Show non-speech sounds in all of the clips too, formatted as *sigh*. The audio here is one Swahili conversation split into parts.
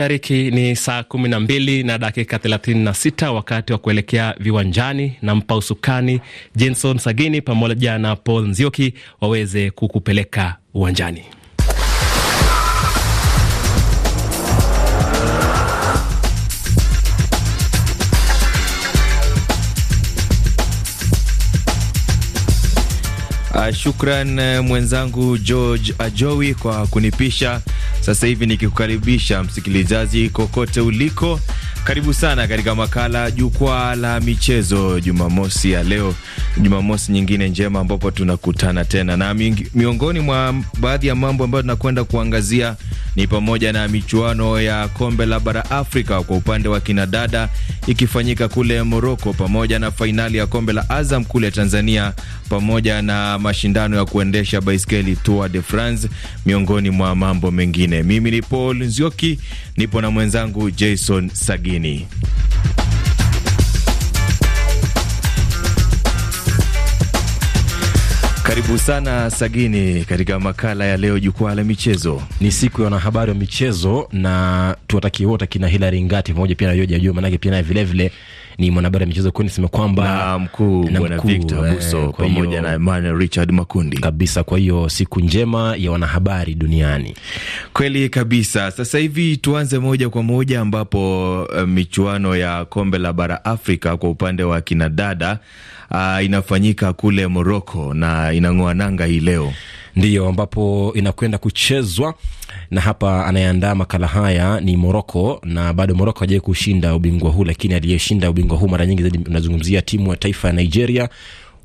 Mashariki ni saa kumi na mbili na dakika thelathini na sita wakati wa kuelekea viwanjani. mpa usukani Jenson Sagini pamoja na Paul Nzioki waweze kukupeleka uwanjani. shukran eh, mwenzangu George Ajowi kwa kunipisha. Sasa hivi nikikukaribisha msikilizaji kokote uliko karibu sana katika makala jukwaa la michezo Jumamosi ya leo, Jumamosi nyingine njema ambapo tunakutana tena na miongoni mwa baadhi ya mambo ambayo tunakwenda kuangazia ni pamoja na michuano ya kombe la bara Afrika kwa upande wa kinadada ikifanyika kule Moroko, pamoja na fainali ya kombe la Azam kule Tanzania, pamoja na mashindano ya kuendesha baiskeli Tour de France, miongoni mwa mambo mengine. Mimi ni Paul Nzioki, nipo na mwenzangu Jason Sagi mjini. Karibu sana Sagini katika makala ya leo, jukwaa la michezo. Ni siku ya wanahabari wa michezo, na tuwatakie wote hilaringati Ngati pamoja pia na manake pia naye vilevile ni mwanahabari wa michezo kuni sema kwamba mkuu bwana Victor eh, Buso pamoja na Emmanuel Richard Makundi kabisa. Kwa hiyo siku njema ya wanahabari duniani kweli kabisa. Sasa hivi tuanze moja kwa moja ambapo uh, michuano ya kombe la bara Afrika kwa upande wa kinadada uh, ah, inafanyika kule Morocco na inang'oa nanga hii leo, ndiyo ambapo inakwenda kuchezwa na hapa anayeandaa makala haya ni Moroko, na bado Moroko hajawai kushinda ubingwa huu, lakini aliyeshinda ubingwa huu mara nyingi zaidi unazungumzia timu ya taifa ya Nigeria.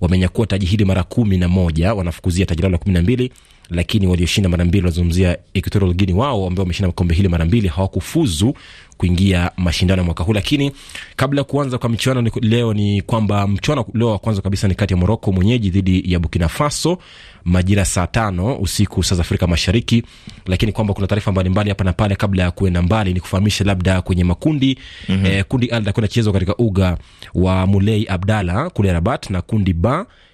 Wamenyakua taji hili mara kumi na moja, wanafukuzia taji lao la kumi na mbili lakini walioshinda mara mbili, wanazungumzia Equatorial Guinea, wao ambao wameshinda kombe hili mara mbili hawakufuzu kuingia mashindano ya mwaka huu. Lakini kabla kuanza kwa michuano ni leo, ni kwamba mchuano leo wa kwanza kabisa ni kati ya Moroko mwenyeji dhidi ya Burkina Faso majira saa tano usiku saa za Afrika Mashariki, lakini kwamba kuna taarifa mbalimbali hapa na pale. Kabla ya kuenda mbali, ni kufahamisha labda kwenye makundi mm -hmm. Eh, kundi A litakuwa inachezwa katika uga wa Mulei Abdalla kule Rabat, na kundi B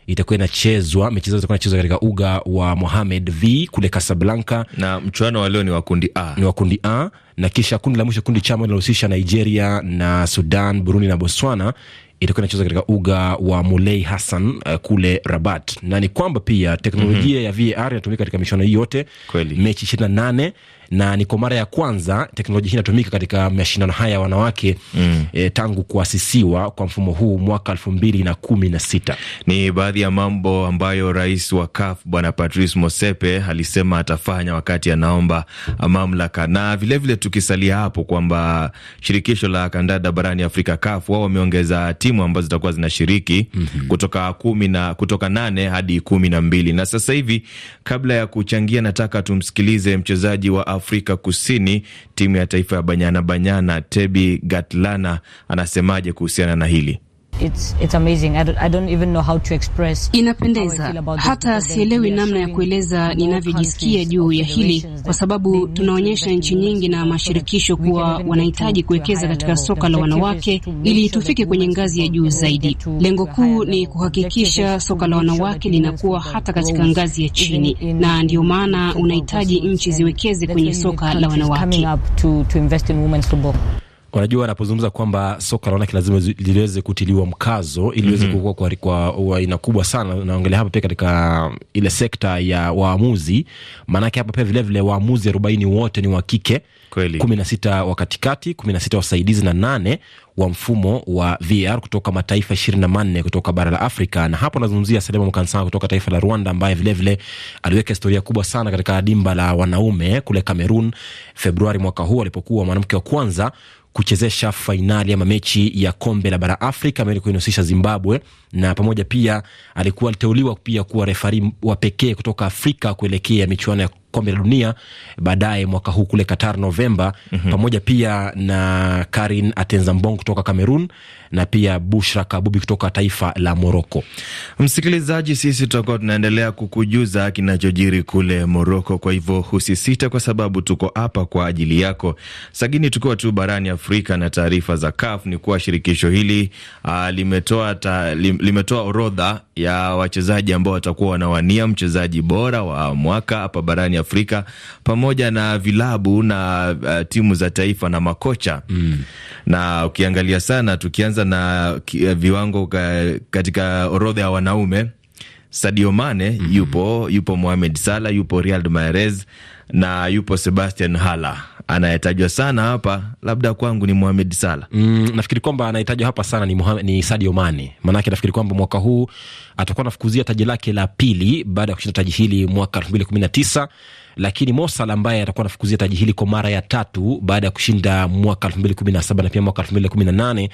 itakuwa inachezwa mechi zao zitakuwa inachezwa katika uga wa Mohamed V kule Casablanca, na mchuano wa leo ni wa kundi A, ni wa kundi A na kisha kundi la mwisho, kundi chama linalohusisha Nigeria na Sudan, Burundi na Botswana itakuwa inacheza katika uga wa Mulei Hassan uh, kule Rabat, na ni kwamba pia teknolojia mm -hmm. ya VAR inatumika katika michuano hii yote, mechi ishirini na nane na ni kwa mara ya kwanza teknolojia hii inatumika katika mashindano haya ya wanawake mm. E, tangu kuasisiwa kwa mfumo huu mwaka elfu mbili na kumi na sita. Ni baadhi ya mambo ambayo rais wa CAF Bwana Patrice Mosepe alisema atafanya wakati anaomba mamlaka, na vilevile vile tukisalia hapo kwamba shirikisho la kandada barani Afrika CAF wao wameongeza timu ambazo zitakuwa zinashiriki mm -hmm. kutoka kumi na kutoka nane hadi kumi na mbili na sasa hivi, kabla ya kuchangia, nataka tumsikilize mchezaji wa Afrika Kusini, timu ya taifa ya Banyana Banyana, Tebi Gatlana anasemaje kuhusiana na hili? It's, it's amazing. I don't, I don't even know how to express. Inapendeza hata sielewi namna ya kueleza ninavyojisikia juu ya hili, kwa sababu tunaonyesha nchi nyingi na mashirikisho kuwa wanahitaji kuwekeza katika soka la wanawake ili tufike kwenye ngazi ya juu zaidi. Lengo kuu ni kuhakikisha soka la wanawake linakuwa hata katika ngazi ya chini, na ndiyo maana unahitaji nchi ziwekeze kwenye soka la wanawake. Unajua, anapozungumza kwamba soka la wanawake lazima liweze kutiliwa mkazo ili liweze mm -hmm. kukua kwa aina kubwa sana. Naongelea hapa pia katika ile sekta ya waamuzi, maanake hapa pia vilevile waamuzi arobaini wote ni wa kike, kumi na sita wa katikati, kumi na sita wasaidizi na nane wa mfumo wa VAR kutoka mataifa ishirini na manne kutoka bara la Afrika. Na hapo nazungumzia Salema Mukansanga kutoka taifa la Rwanda, ambaye vilevile aliweka historia kubwa sana katika dimba la wanaume kule Cameroon Februari mwaka huu alipokuwa mwanamke wa kwanza kuchezesha fainali ama mechi ya kombe la bara Afrika ambayo ilikuwa inahusisha Zimbabwe na pamoja pia alikuwa aliteuliwa pia kuwa refari wa pekee kutoka Afrika kuelekea michuano ya kombe la dunia baadaye mwaka huu kule Qatar Novemba. mm -hmm. Pamoja pia na Karin Atenzambong kutoka Cameroon na pia Bushra Kabubi kutoka taifa la Moroko. Msikilizaji, sisi tutakuwa tunaendelea kukujuza kinachojiri kule Moroko, kwa hivyo husisite, kwa sababu tuko hapa kwa ajili yako. Sagini, tukiwa tu barani Afrika na taarifa za CAF ni kuwa shirikisho hili ah, limetoa limetoa orodha ya wachezaji ambao watakuwa wanawania mchezaji bora wa mwaka hapa barani Afrika pamoja na vilabu na uh, timu za taifa na makocha mm. Na ukiangalia sana, tukianza na uh, viwango uh, katika orodha ya wanaume Sadio Mane mm -hmm. Yupo, yupo Mohamed Salah, yupo Riyad Mahrez na yupo Sebastian Haller anayetajwa sana hapa labda kwangu ni Mohamed Salah. Mm, nafikiri kwamba anayetajwa hapa sana ni, Mohamed, ni Sadio Mane. Maanake nafikiri kwamba mwaka huu atakuwa anafukuzia taji lake la pili baada ya kushinda taji hili mwaka elfu mbili kumi na tisa lakini Mo Salah ambaye atakuwa anafukuzia taji hili kwa mara ya tatu baada ya kushinda mwaka 2017 na pia mwaka 2018,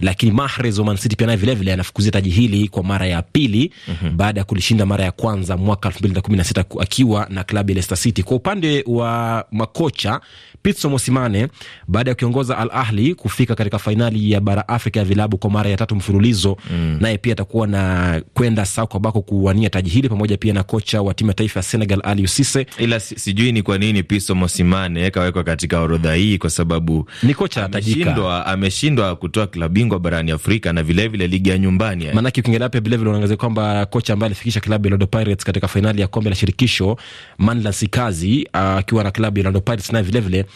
lakini Mahrez wa Man City pia naye vilevile anafukuzia taji hili kwa mara ya pili mm -hmm. baada ya kulishinda mara ya kwanza mwaka 2016 akiwa na klabu ya Leicester City. Kwa upande wa makocha Pitso Mosimane baada ya kuongoza Al Ahli kufika katika fainali ya bara Afrika ya vilabu kwa mara ya tatu mfululizo mm. naye pia atakuwa na kwenda Sao Kabako kuwania taji hili pamoja pia na kocha wa timu ya taifa ya Senegal Aliou Cisse ila sijui ni kwa nini Piso Mosimane kawekwa katika orodha hii, kwa sababu ni kocha atajika, ameshindwa kutoa klabu bingwa barani Afrika na vilevile ligi ya nyumbani. Maanake ukiangalia pia vilevile unaangazia kwamba kocha ambaye alifikisha klabu ya Orlando Pirates katika fainali ya kombe la shirikisho Manla Sikazi uh, akiwa na klabu ya Orlando Pirates naye vilevile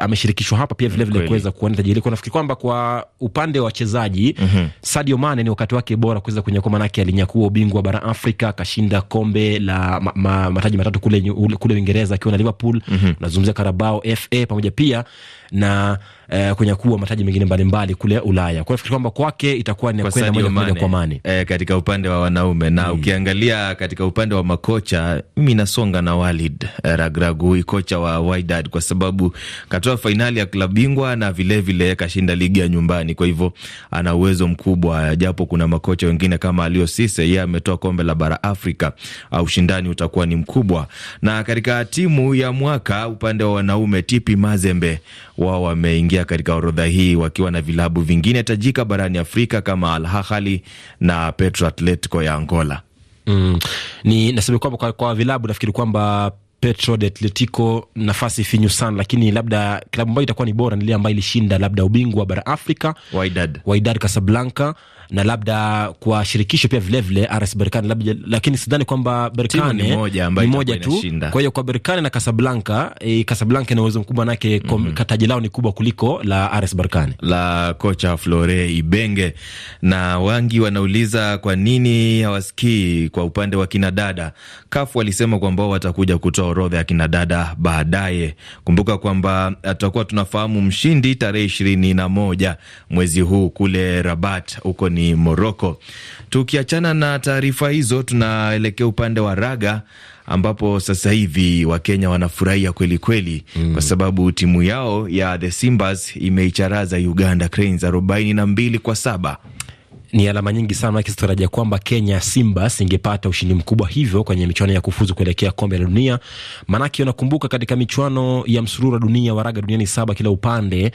ameshirikishwa hapa pia vilevile kuweza kuona taji hili. Nafikiri kwamba kwa upande wa wachezaji mm -hmm. Sadio Mane ni wakati wake bora kuweza kunyakua, maanake alinyakua ubingwa bara Afrika akashinda kombe la ma, ma, mataji matatu tatu kule, Uingereza akiwa na Liverpool. Mhm. Unazungumzia mm -hmm. Carabao FA pamoja pia na eh, kunyakua mataji mengine mbalimbali kule Ulaya. Kwa hiyo kwamba kwake itakuwa ni kwenda moja kwa moja kwa mani e, eh, katika upande wa wanaume na hmm. Ukiangalia katika upande wa makocha, mimi nasonga na Walid eh, Ragragu, kocha wa Wydad, kwa sababu katoa fainali ya klabu bingwa na vilevile vile kashinda ligi ya nyumbani, kwa hivyo ana uwezo mkubwa, japo kuna makocha wengine kama Alio Sise, yeye ametoa kombe la bara Afrika, ah, ushindani utakuwa ni mkubwa. Na katika timu ya mwaka upande wa wanaume, Tipi Mazembe wao wameingia katika orodha hii wakiwa na vilabu vingine tajika barani Afrika kama Al Ahly na Petro Atletico ya Angola. Mm, ni nasema kwamba kwa, kwa vilabu nafikiri kwamba Petro de Atletico nafasi finyu sana, lakini labda klabu ambayo itakuwa ni bora ni ile ambayo ilishinda labda ubingwa bara Afrika, Wydad Wydad Casablanca na labda kwa shirikisho pia vile vile RS Berkane labda, lakini sidhani kwamba Berkane ni moja tu. Kwa hiyo kwa Berkane na Casablanca e, Casablanca ina uwezo mkubwa nake mm -hmm. Kataji lao ni kubwa kuliko la RS Berkane la kocha Flore Ibenge, na wangi wanauliza kwa nini hawasikii kwa upande wa kina dada. Kafu walisema kwamba watakuja kutoa orodha ya kina dada baadaye. Kumbuka kwamba tutakuwa tunafahamu mshindi tarehe ishirini na moja mwezi huu kule Rabat huko ni nchini Moroko. Tukiachana na taarifa hizo, tunaelekea upande wa raga ambapo sasa hivi Wakenya wanafurahia kwelikweli mm, kwa sababu timu yao ya The Simbas imeicharaza Uganda Cranes arobaini na mbili kwa saba ni alama nyingi sana, maana sitarajia kwamba Kenya Simba singepata ushindi mkubwa hivyo kwenye michuano ya kufuzu kuelekea kombe la dunia. Maanake unakumbuka katika michuano ya msururu wa dunia wa raga duniani saba kila upande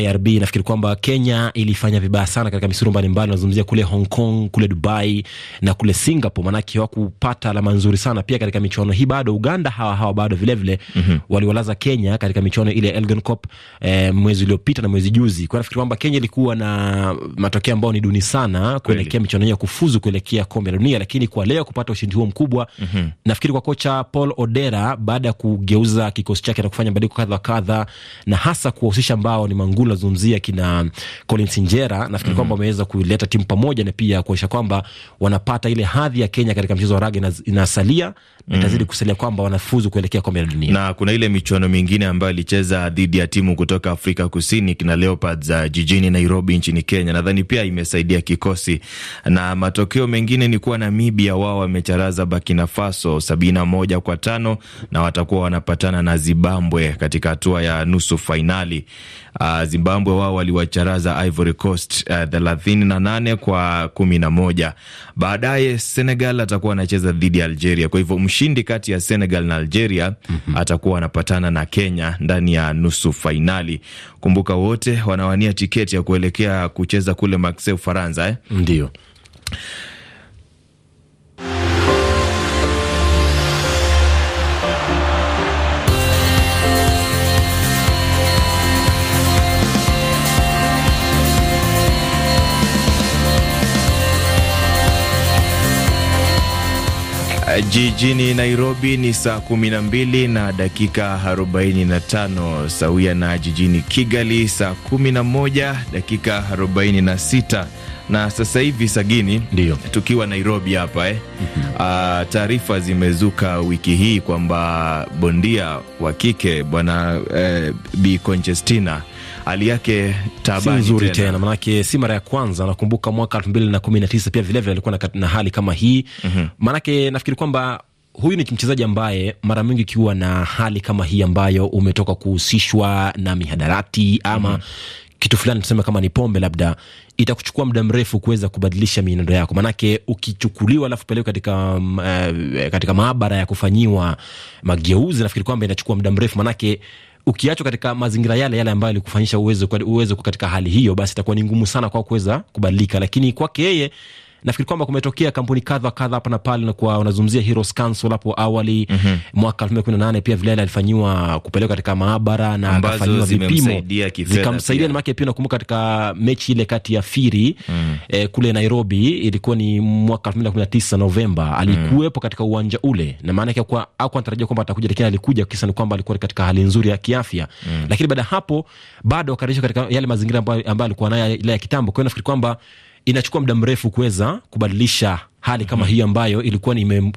IRB, nafikiri kwamba Kenya ilifanya vibaya sana katika misururu mbalimbali, nazungumzia kule Hong Kong, kule Dubai na kule Singapore, maanake hawakupata alama nzuri sana. Pia katika michuano hii bado Uganda hawa hawa bado vilevile mm -hmm. waliwalaza Kenya katika michuano ile Elgon Cup eh, mwezi uliopita na mwezi juzi, kwa nafikiri kwamba Kenya ilikuwa na matokeo ambayo ni duni sana sana kuelekea michuano ya kufuzu kuelekea kombe la dunia, lakini kwa leo kupata ushindi huo mkubwa mm -hmm. nafikiri kwa kocha Paul Odera baada ya kugeuza kikosi chake na kufanya mabadiliko kadha wa kadha, na hasa kuwahusisha ambao ni Mangula zungumzia kina Colin Sinjera, nafikiri mm -hmm. kwamba wameweza kuileta timu pamoja na pia kuonyesha kwamba wanapata ile hadhi ya Kenya katika mchezo wa raga inasalia na mm -hmm. kusalia kwamba wanafuzu kuelekea kombe la dunia, na kuna ile michuano mingine ambayo ilicheza dhidi ya timu kutoka Afrika Kusini kina Leopards uh, jijini Nairobi nchini Kenya, nadhani pia imesaidia kiko kikosi. Na matokeo mengine ni kuwa Namibia wao wamecharaza Burkina Faso sabini na moja kwa tano na watakuwa wanapatana na Zimbabwe katika hatua ya nusu fainali. Uh, Zimbabwe wao waliwacharaza Ivory Coast ah, thelathini na nane kwa kumi na moja. Baadaye Senegal atakuwa anacheza dhidi ya Algeria. Kwa hivyo mshindi kati ya Senegal na Algeria mm -hmm. atakuwa anapatana na Kenya ndani ya nusu fainali. Kumbuka wote wanawania tiketi ya kuelekea kucheza kule Marseille, Ufaransa eh? Ndio. Jijini Nairobi ni saa kumi na mbili na dakika arobaini na tano sawia na jijini Kigali saa kumi na moja dakika arobaini na sita na sasa hivi Sagini, ndio tukiwa Nairobi hapa eh. mm -hmm. Taarifa zimezuka wiki hii kwamba bondia wa kike bwana eh, Bi Conchestina hali yake tabani si nzuri tena, manake si mara ya kwanza. Nakumbuka mwaka elfu mbili na kumi na tisa pia vilevile alikuwa na, na hali kama hii mm -hmm. Manake nafikiri kwamba huyu ni mchezaji ambaye mara mingi ukiwa na hali kama hii ambayo umetoka kuhusishwa na mihadarati ama mm -hmm kitu fulani tuseme kama ni pombe labda, itakuchukua muda mrefu kuweza kubadilisha mienendo yako, maanake ukichukuliwa alafu pelekwa katika, uh, katika maabara ya kufanyiwa mageuzi, nafikiri kwamba inachukua muda mrefu maanake ukiachwa katika mazingira yale yale ambayo alikufanyisha uweze uweze katika hali hiyo, basi itakuwa ni ngumu sana kwa kuweza kubadilika, lakini kwake yeye nafikiri kwamba kumetokea kampuni kadha kadha hapa na pale, na kwa unazungumzia Heroes Council hapo awali mm -hmm. mwaka 2018 pia vilele alifanywa kupelekwa katika maabara na akafanywa vipimo zikamsaidia, na maana pia nakumbuka katika mechi ile kati ya Firi mm. eh, kule Nairobi ilikuwa ni mwaka 2019 Novemba, alikuwepo mm. katika uwanja ule, na maana yake kwa hakuwa anatarajia kwamba atakuja, lakini alikuja, kisa ni kwamba alikuwa katika hali nzuri ya kiafya mm. lakini baada hapo bado akarejeshwa katika yale mazingira ambayo alikuwa nayo ile ya kitambo. Kwa hiyo nafikiri kwamba inachukua muda mrefu kuweza kubadilisha hali kama mhm. hiyo ambayo ilikuwa ime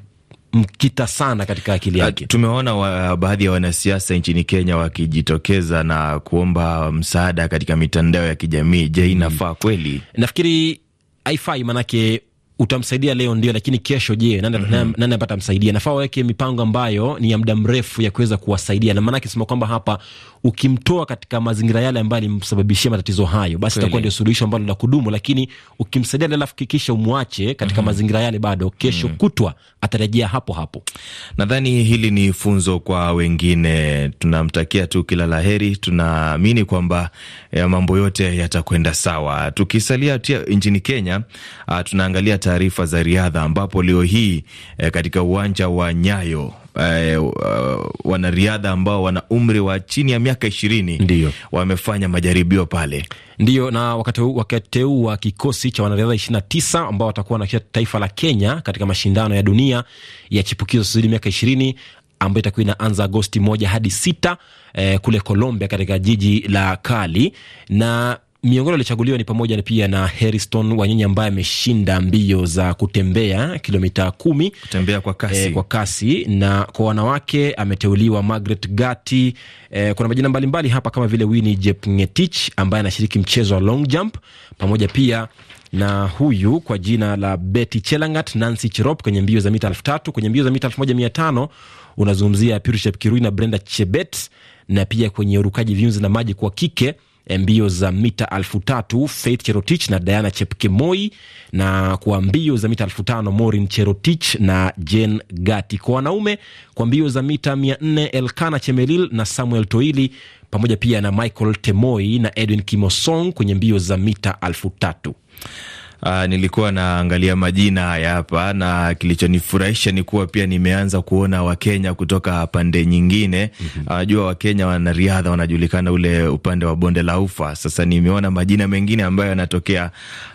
mkita sana katika akili ah, yake. Tumeona wa, baadhi ya wanasiasa nchini Kenya wakijitokeza na kuomba msaada katika mitandao ya kijamii. Je, mhm. inafaa kweli? Nafikiri haifai, manake utamsaidia leo ndio, lakini kesho je, nani mm -hmm. apata msaidia? Nafaa waweke mipango ambayo ni ya muda mrefu ya kuweza kuwasaidia, na maanake sema kwamba hapa ukimtoa katika mazingira yale ambayo alimsababishia matatizo hayo, basi itakuwa ndio suluhisho ambalo la kudumu, lakini ukimsaidia leo, alafu kisha umwache katika mm -hmm. mazingira yale, bado kesho mm -hmm. kutwa atarejea hapo hapo. Nadhani hili ni funzo kwa wengine, tunamtakia tu kila la heri, tunaamini kwamba eh, mambo yote yatakwenda sawa. Tukisalia tia nchini Kenya, ah, tunaangalia taarifa za riadha ambapo leo hii eh, katika uwanja wa Nyayo eh, uh, wanariadha ambao wana umri wa chini ya miaka ishirini ndio wamefanya majaribio pale, ndio na wakateua kikosi cha wanariadha ishirini na tisa ambao watakuwa na taifa la Kenya katika mashindano ya dunia ya chipukizo zidi miaka ishirini ambayo itakuwa inaanza Agosti moja hadi sita eh, kule Colombia katika jiji la Cali na Miongoni waliochaguliwa ni pamoja na pia na Harrison Wanyonyi ambaye ameshinda mbio za kutembea kilomita kumi kutembea kwa kasi. Eh, kwa kasi na kwa wanawake ameteuliwa Margaret Gati. E, eh, kuna majina mbalimbali hapa kama vile Winnie Jepngetich ambaye anashiriki mchezo wa long jump pamoja pia na huyu kwa jina la Betty Chelangat, Nancy Chirop kwenye mbio za mita elfu tatu. Kwenye mbio za mita elfu moja mia tano unazungumzia Purity Chepkirui na Brenda Chebet, na pia kwenye urukaji viunzi na maji kwa kike mbio za mita elfu tatu Faith Cherotich na Diana Chepkemoi, na kwa mbio za mita elfu tano Morin Cherotich na Jen Gati. Kwa wanaume kwa mbio za mita mia nne Elkana Chemelil na Samuel Toili pamoja pia na Michael Temoi na Edwin Kimosong kwenye mbio za mita elfu tatu. Uh, nilikuwa naangalia majina haya hapa na kilichonifurahisha ni kuwa pia nimeanza kuona Wakenya kutoka pande nyingine. Najua mhm. ah, mm -hmm. uh, Wakenya wanariadha wanajulikana ule upande wa bonde la Ufa. Sasa nimeona majina mengine ambayo yanatokea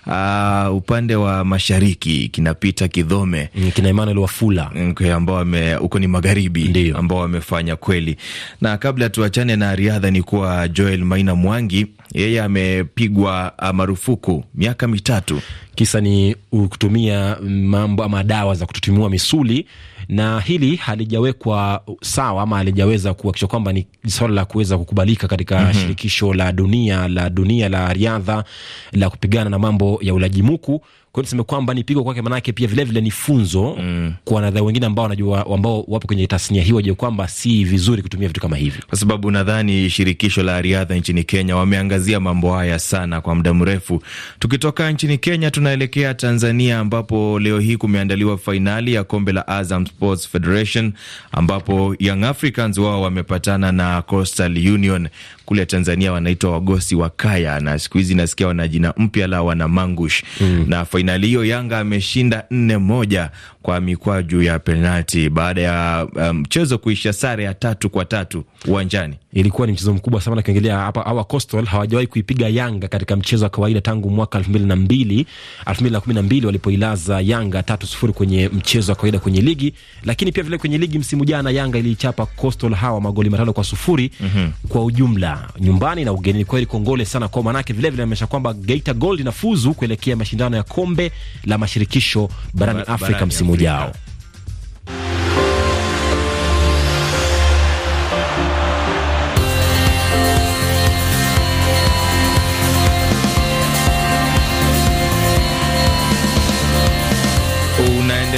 uh, upande wa mashariki, kinapita Kidhome mm, kina Emmanuel Wafula mm, ambao wame huko ni magharibi ambao wamefanya kweli, na kabla tuachane na riadha ni kuwa Joel Maina Mwangi yeye amepigwa marufuku miaka mitatu Kisa ni kutumia mambo ama dawa za kututimua misuli, na hili halijawekwa sawa ama halijaweza kuhakikisha kwamba ni swala la kuweza kukubalika katika mm -hmm. shirikisho la dunia la dunia la riadha la kupigana na mambo ya ulajimuku kwa tuseme kwamba ni pigo kwake, manake pia vilevile ni funzo mm. kwa wanadhau wengine ambao wanajua, ambao wapo kwenye tasnia hii, wajue kwamba si vizuri kutumia vitu kama hivi, kwa sababu nadhani shirikisho la riadha nchini Kenya wameangazia mambo haya sana kwa muda mrefu. Tukitoka nchini Kenya tunaelekea Tanzania, ambapo leo hii kumeandaliwa fainali ya kombe la Azam Sports Federation ambapo Young Africans wao wamepatana na Coastal Union kule Tanzania wanaitwa wagosi wa kaya, na siku hizi nasikia wana jina mpya la wana mangush mm. Na fainali hiyo Yanga ameshinda nne moja kwa mikwaju ya penalti baada ya um, mchezo um, kuisha sare ya tatu kwa tatu uwanjani. Ilikuwa ni mchezo mkubwa sana, nakiangalia hapa hawa Coastal hawajawahi kuipiga Yanga katika mchezo wa kawaida tangu mwaka elfu mbili na mbili elfu mbili na kumi na mbili walipoilaza Yanga tatu sufuri kwenye mchezo wa kawaida kwenye ligi, lakini pia vile kwenye ligi msimu jana Yanga iliichapa Coastal hawa magoli matano kwa sufuri mm -hmm. kwa ujumla nyumbani na ugenini. Kweli kongole sana kwa manake, vilevile naonyesha kwamba Geita Gold inafuzu kuelekea mashindano ya kombe la mashirikisho barani Afrika msimu ujao.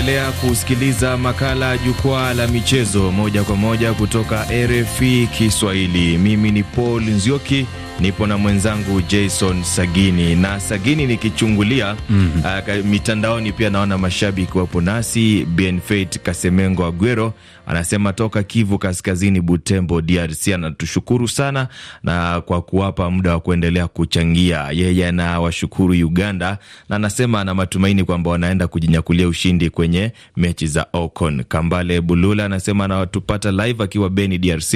Unaendelea kusikiliza makala jukwaa la michezo moja kwa moja kutoka RFI Kiswahili. Mimi ni Paul Nzioki nipo na mwenzangu Jason Sagini na Sagini, nikichungulia mm -hmm. uh, mitandaoni pia naona mashabiki wapo nasi. Bienfait Kasemengo Agwero anasema toka Kivu Kaskazini, Butembo, DRC, anatushukuru sana na kwa kuwapa muda wa kuendelea kuchangia. Yeye anawashukuru Uganda na anasema ana matumaini kwamba wanaenda kujinyakulia ushindi kwenye mechi za Ocon. Kambale Bulula anasema anawatupata live akiwa Beni, DRC.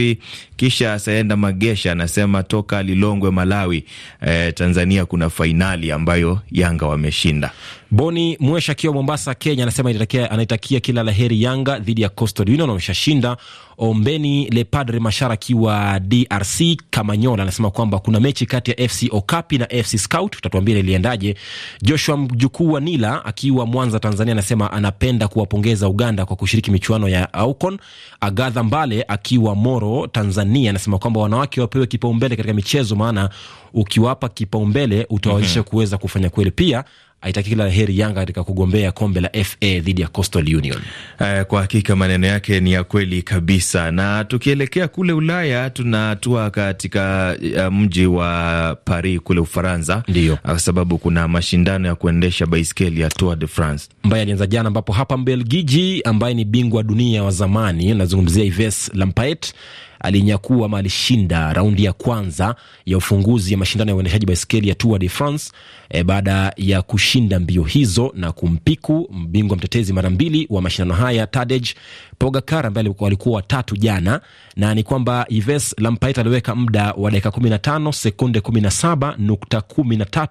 Kisha Saenda Magesha anasema toka Lilo Lilongwe, Malawi. Eh, Tanzania kuna fainali ambayo Yanga wameshinda. Boni Mwesha akiwa Mombasa, Kenya, anasema anaitakia kila la heri Yanga dhidi ya Coastal Union, wameshashinda. Ombeni Le Padre Mashara akiwa DRC Kamanyola anasema kwamba kuna mechi kati ya FC Okapi na FC Scout, utatuambia iliendaje. Joshua mjukuu wa Nila akiwa Mwanza, Tanzania, anasema anapenda kuwapongeza Uganda kwa kushiriki michuano ya AUCON. Agadha Mbale akiwa Moro, Tanzania, anasema kwamba wanawake wapewe kipaumbele katika michezo, maana ukiwapa kipaumbele utawawezesha mm -hmm. kuweza kufanya kweli. Pia aitaki kila heri Yanga katika kugombea kombe la FA dhidi ya Coastal Union. Eh, kwa hakika maneno yake ni ya kweli kabisa. Na tukielekea kule Ulaya, tunatua katika eh, mji wa Paris kule Ufaransa, ndio ah, kwa sababu kuna mashindano ya kuendesha baiskeli ya Tour de France ambaye alianza jana, ambapo hapa Mbelgiji ambaye ni bingwa dunia wa zamani, nazungumzia Yves Lampaert alinyakua ama alishinda raundi ya kwanza ya ufunguzi ya mashindano ya uendeshaji baiskeli ya Tour de France e, baada ya kushinda mbio hizo na kumpiku mbingwa mtetezi mara mbili wa mashindano haya Tadej Pogacar ambaye walikuwa watatu jana, na ni kwamba Yves Lampaert aliweka muda wa dakika 15 sekunde 17 nukta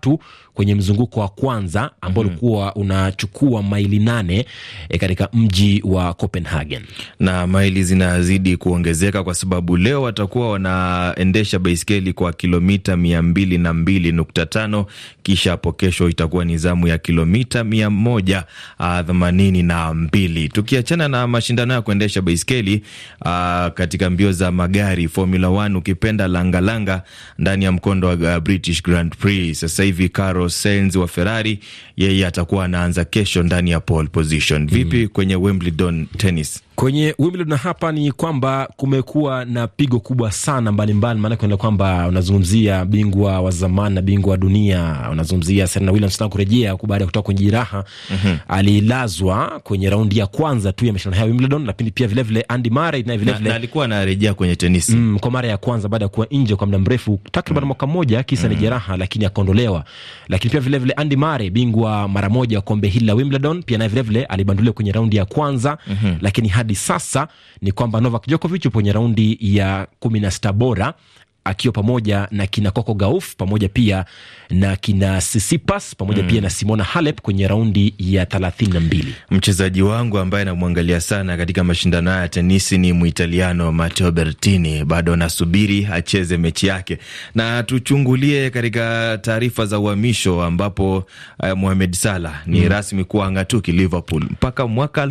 kwenye mzunguko wa kwanza ambao mhm. ulikuwa mm -hmm. unachukua maili nane e, katika mji wa Copenhagen, na maili zinazidi kuongezeka kwa sababu leo watakuwa wanaendesha baiskeli kwa kilomita 202.5 kisha kisha hapo kesho itakuwa ni zamu ya kilomita mia moja ah, themanini na mbili. Tukiachana na mashindano ya kuendesha baiskeli ah, katika mbio za magari Formula 1 ukipenda langalanga ndani ya mkondo wa ah, British Grand Prix, sasa hivi Carlos Sainz wa Ferrari yeye atakuwa anaanza kesho ndani ya pole position. Vipi mm. kwenye Wimbledon tennis? Kwenye Wimbledon hapa ni kwamba kumekuwa na pigo kubwa sana mbalimbali, maanake ni kwamba unazungumzia bingwa wa zamani na bingwa wa dunia, unazungumzia Serena Williams na kurejea huku baada ya kutoka kwenye jeraha mm -hmm. Alilazwa kwenye raundi ya kwanza tu ya mashindano haya Wimbledon, lakini pia vilevile Andy Murray naye vilevile alikuwa anarejea kwenye tenisi mm, kwa mara ya kwanza baada ya kuwa nje kwa muda mrefu takriban mm. mwaka mmoja, kisa mm. -hmm. ni jeraha, lakini akaondolewa. Lakini pia vilevile Andy Murray bingwa mara moja wa kombe hili la Wimbledon, pia naye vilevile alibanduliwa kwenye raundi ya kwanza mm -hmm. lakini hadi sasa ni kwamba Novak Djokovic yupo kwenye raundi ya kumi na sita bora akiwa pamoja na kina Coco Gauff pamoja pia na kina sisipas pamoja mm. pia na Simona Halep kwenye raundi ya mbili. Mchezaji wangu ambaye namwangalia sana katika mashindano haya ya tenisi ni Muitaliano Matteo bertini bado nasubiri acheze mechi yake. Na tuchungulie katika taarifa za uhamisho ambapo uh, Mohamed Salah ni mm. rasmi kuwa ang'atuki Liverpool mpaka mwaka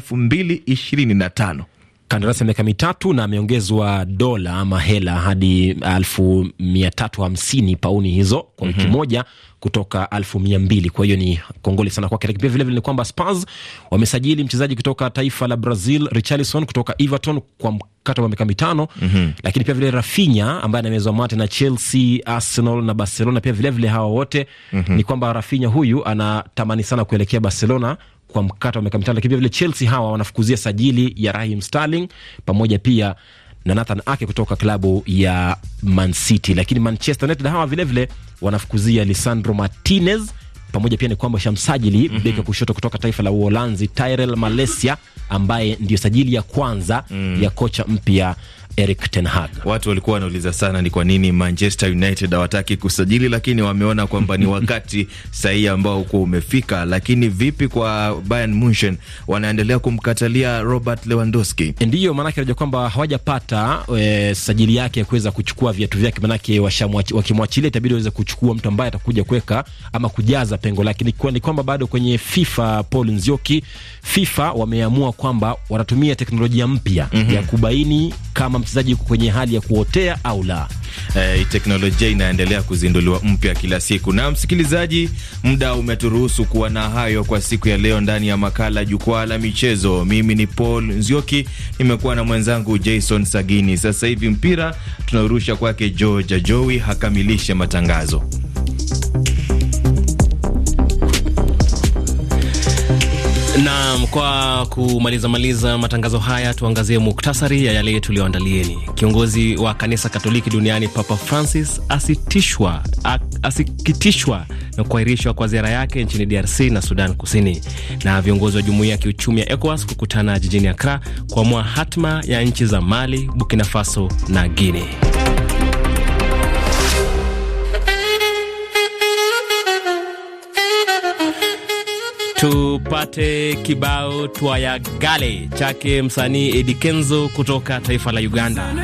tano kandarasi ya miaka mitatu na ameongezwa dola ama hela hadi elfu mia tatu hamsini pauni hizo kwa wiki mm -hmm. moja kutoka elfu mia mbili kwa hiyo ni kongole sana kwake. Lakini pia vilevile ni kwamba Spurs wamesajili mchezaji kutoka taifa la Brazil Richarlison kutoka Everton kwa mkataba wa miaka mitano mm -hmm. lakini pia vile Rafinha ambaye anamezwa mate na Chelsea, Arsenal na Barcelona pia vilevile vile hawa wote mm -hmm. ni kwamba Rafinha huyu anatamani sana kuelekea Barcelona kwa mkata wa miaka mitano, lakini Chelsea hawa wanafukuzia sajili ya Raheem Sterling pamoja pia na Nathan Ake kutoka klabu ya Man City, lakini Manchester United hawa vilevile wanafukuzia Lisandro Martinez pamoja pia ni kwamba shamsajili mm -hmm. beki kushoto kutoka taifa la Uholanzi Tyrell Malacia ambaye ndiyo sajili ya kwanza mm. ya kocha mpya Eric Ten Hag. Watu walikuwa wanauliza sana ni kwa nini Manchester United hawataki kusajili, lakini wameona kwamba ni *laughs* wakati sahihi ambao uko umefika. Lakini vipi kwa Bayern Munchen, wanaendelea kumkatalia Robert Lewandowski? Ndiyo maanake naja kwamba hawajapata e, sajili yake ya kuweza kuchukua viatu vyake, maanake wakimwachilia itabidi waweze kuchukua mtu ambaye atakuja kuweka ama kujaza pengo, lakini ni kwamba bado kwenye FIFA, Paul Nzioki, FIFA wameamua kwamba wanatumia teknolojia mpya mm -hmm. ya kubaini kama mchezaji yuko kwenye hali ya kuotea au la. Hey, eh, teknolojia inaendelea kuzinduliwa mpya kila siku. Na msikilizaji, muda umeturuhusu kuwa na hayo kwa siku ya leo ndani ya makala Jukwaa la Michezo. Mimi ni Paul Nzioki, nimekuwa na mwenzangu Jason Sagini. Sasa hivi mpira tunaurusha kwake Georgia Joey hakamilishe matangazo. Naam, kwa kumaliza maliza matangazo haya, tuangazie muktasari ya yale tuliyoandalieni. Kiongozi wa kanisa Katoliki duniani Papa Francis asitishwa, asikitishwa na kuahirishwa kwa ziara yake nchini DRC na Sudan Kusini, na viongozi wa jumuiya ya kiuchumi ya ECOWAS kukutana jijini Accra kuamua hatma ya nchi za Mali, Burkina Faso na Guinea. Tupate kibao gale chake msanii Edi Kenzo kutoka taifa la Uganda.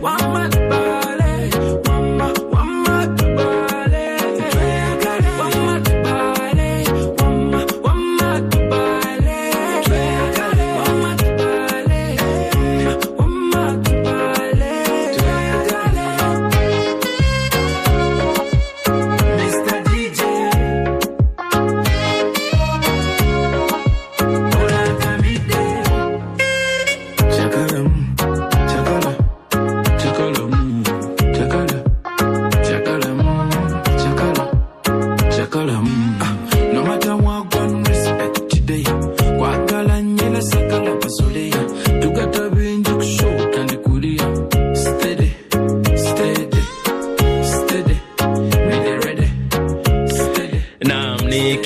One man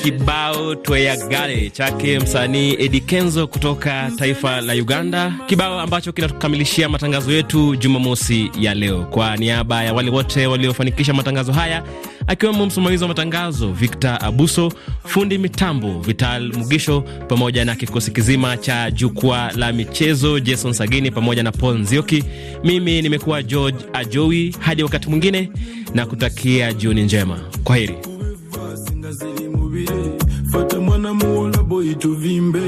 kibao tweyagare chake msanii Edi Kenzo kutoka taifa la Uganda, kibao ambacho kinatukamilishia matangazo yetu Jumamosi ya leo. Kwa niaba ya wale wote waliofanikisha matangazo haya, akiwemo msimamizi wa matangazo Victor Abuso, fundi mitambo Vital Mugisho, pamoja na kikosi kizima cha jukwaa la michezo Jason Sagini pamoja na Paul Nzioki, mimi nimekuwa George Ajowi. Hadi wakati mwingine, na kutakia jioni njema. Kwa heri. ituvimbe